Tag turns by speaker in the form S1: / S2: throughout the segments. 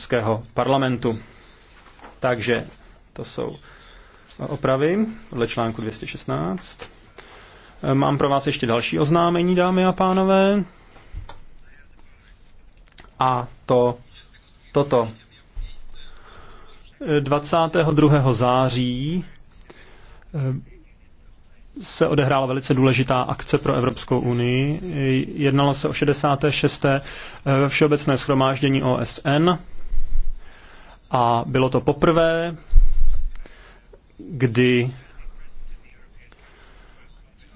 S1: Evropského parlamentu. Takže to jsou opravy podle článku 216. Mám pro vás ještě další oznámení, dámy a pánové. A to toto. 22. září eh, se odehrála velice důležitá akce pro Evropskou unii. Jednalo se o 66. Eh, Všeobecné schromáždění OSN a bylo to poprvé, kdy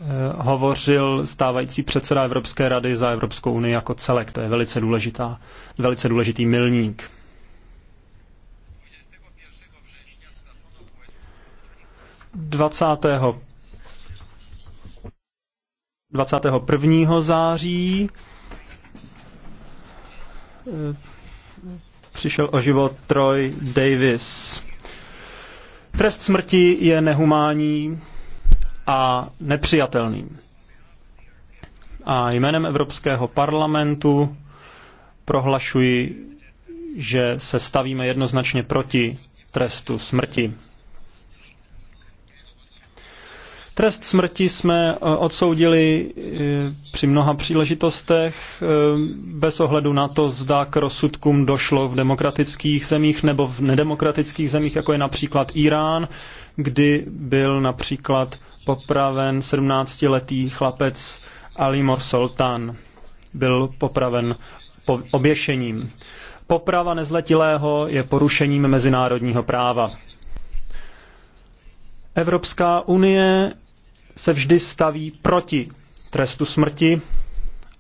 S1: eh, hovořil stávající předseda Evropské rady za Evropskou unii jako celek. To je velice, důležitá, velice důležitý milník. Dvacátého 21. září eh, přišel o život Troy Davis. Trest smrti je nehumánní a nepřijatelný. A jménem Evropského parlamentu prohlašuji, že se stavíme jednoznačně proti trestu smrti. Trest smrti jsme eh, odsoudili eh, při mnoha příležitostech eh, bez ohledu na to, zda k rozsudkům došlo v demokratických zemích nebo v nedemokratických zemích, jako je například Irán, kdy byl například popraven 17-letý chlapec Alimor Sultan. Byl popraven oběšením. Poprava nezletilého je porušením mezinárodního práva. Evropská unie se vždy staví proti trestu smrti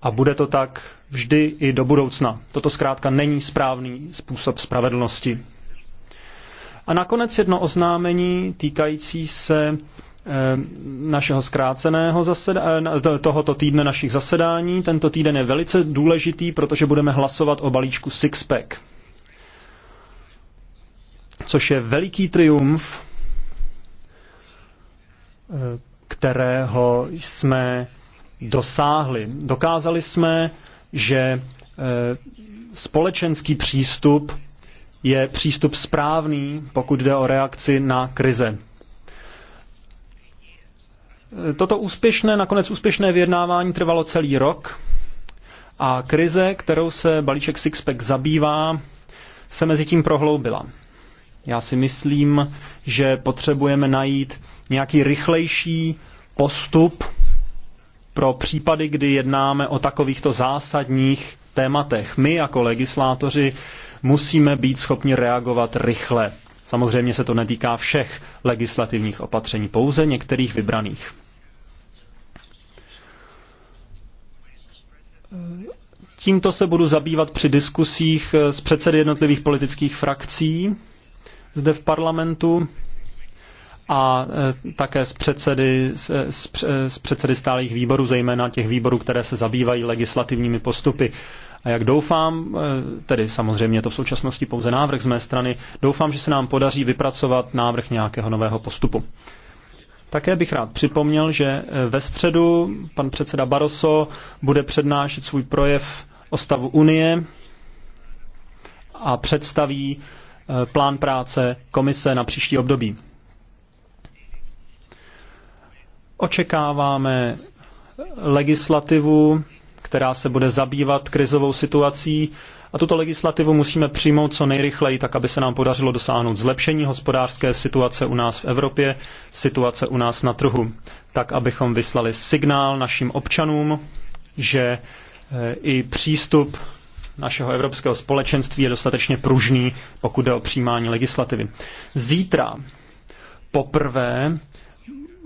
S1: a bude to tak vždy i do budoucna. Toto zkrátka není správný způsob spravedlnosti. A nakonec jedno oznámení týkající se eh, našeho zkráceného zaseda- eh, tohoto týdne našich zasedání. Tento týden je velice důležitý, protože budeme hlasovat o balíčku Sixpack, což je veliký triumf kterého jsme dosáhli. Dokázali jsme, že e, společenský přístup je přístup správný, pokud jde o reakci na krize. E, toto úspěšné, nakonec úspěšné vyjednávání trvalo celý rok a krize, kterou se balíček Sixpack zabývá, se mezi tím prohloubila. Já si myslím, že potřebujeme najít nějaký rychlejší postup pro případy, kdy jednáme o takovýchto zásadních tématech. My jako legislátoři musíme být schopni reagovat rychle. Samozřejmě se to netýká všech legislativních opatření, pouze některých vybraných. Tímto se budu zabývat při diskusích s předsedy jednotlivých politických frakcí zde v parlamentu a e, také z předsedy, z, e, z předsedy stálých výborů, zejména těch výborů, které se zabývají legislativními postupy. A jak doufám, e, tedy samozřejmě to v současnosti pouze návrh z mé strany, doufám, že se nám podaří vypracovat návrh nějakého nového postupu. Také bych rád připomněl, že ve středu pan předseda Barroso bude přednášet svůj projev o stavu Unie a představí Eh, plán práce komise na příští období. Očekáváme legislativu, která se bude zabývat krizovou situací a tuto legislativu musíme přijmout co nejrychleji, tak aby se nám podařilo dosáhnout zlepšení hospodářské situace u nás v Evropě, situace u nás na trhu, tak abychom vyslali signál našim občanům, že eh, i přístup našeho evropského společenství je dostatečně pružný, pokud jde o přijímání legislativy. Zítra poprvé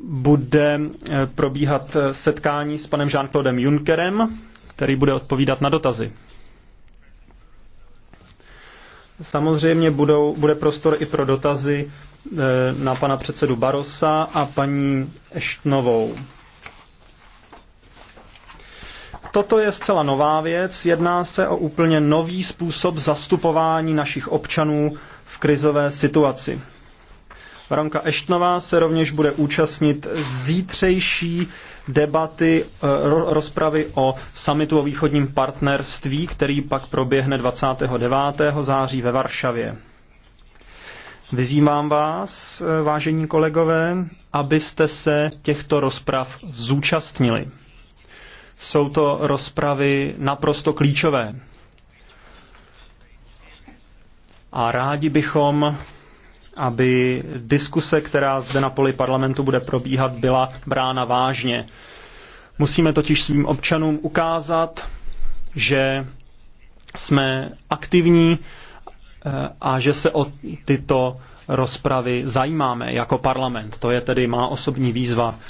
S1: bude eh, probíhat eh, setkání s panem Jean-Claudem Junckerem, který bude odpovídat na dotazy. Samozřejmě budou, bude prostor i pro dotazy eh, na pana předsedu Barosa a paní Eštnovou. Toto je zcela nová věc, jedná se o úplně nový způsob zastupování našich občanů v krizové situaci. Baronka Eštnová se rovněž bude účastnit zítřejší debaty, eh, rozpravy o samitu o východním partnerství, který pak proběhne 29. září ve Varšavě. Vyzývám vás, eh, vážení kolegové, abyste se těchto rozprav zúčastnili. Jsou to rozpravy naprosto klíčové. A rádi bychom, aby diskuse, která zde na poli parlamentu bude probíhat, byla brána vážně. Musíme totiž svým občanům ukázat, že jsme aktivní eh, a že se o tyto rozpravy zajímáme jako parlament. To je tedy má osobní výzva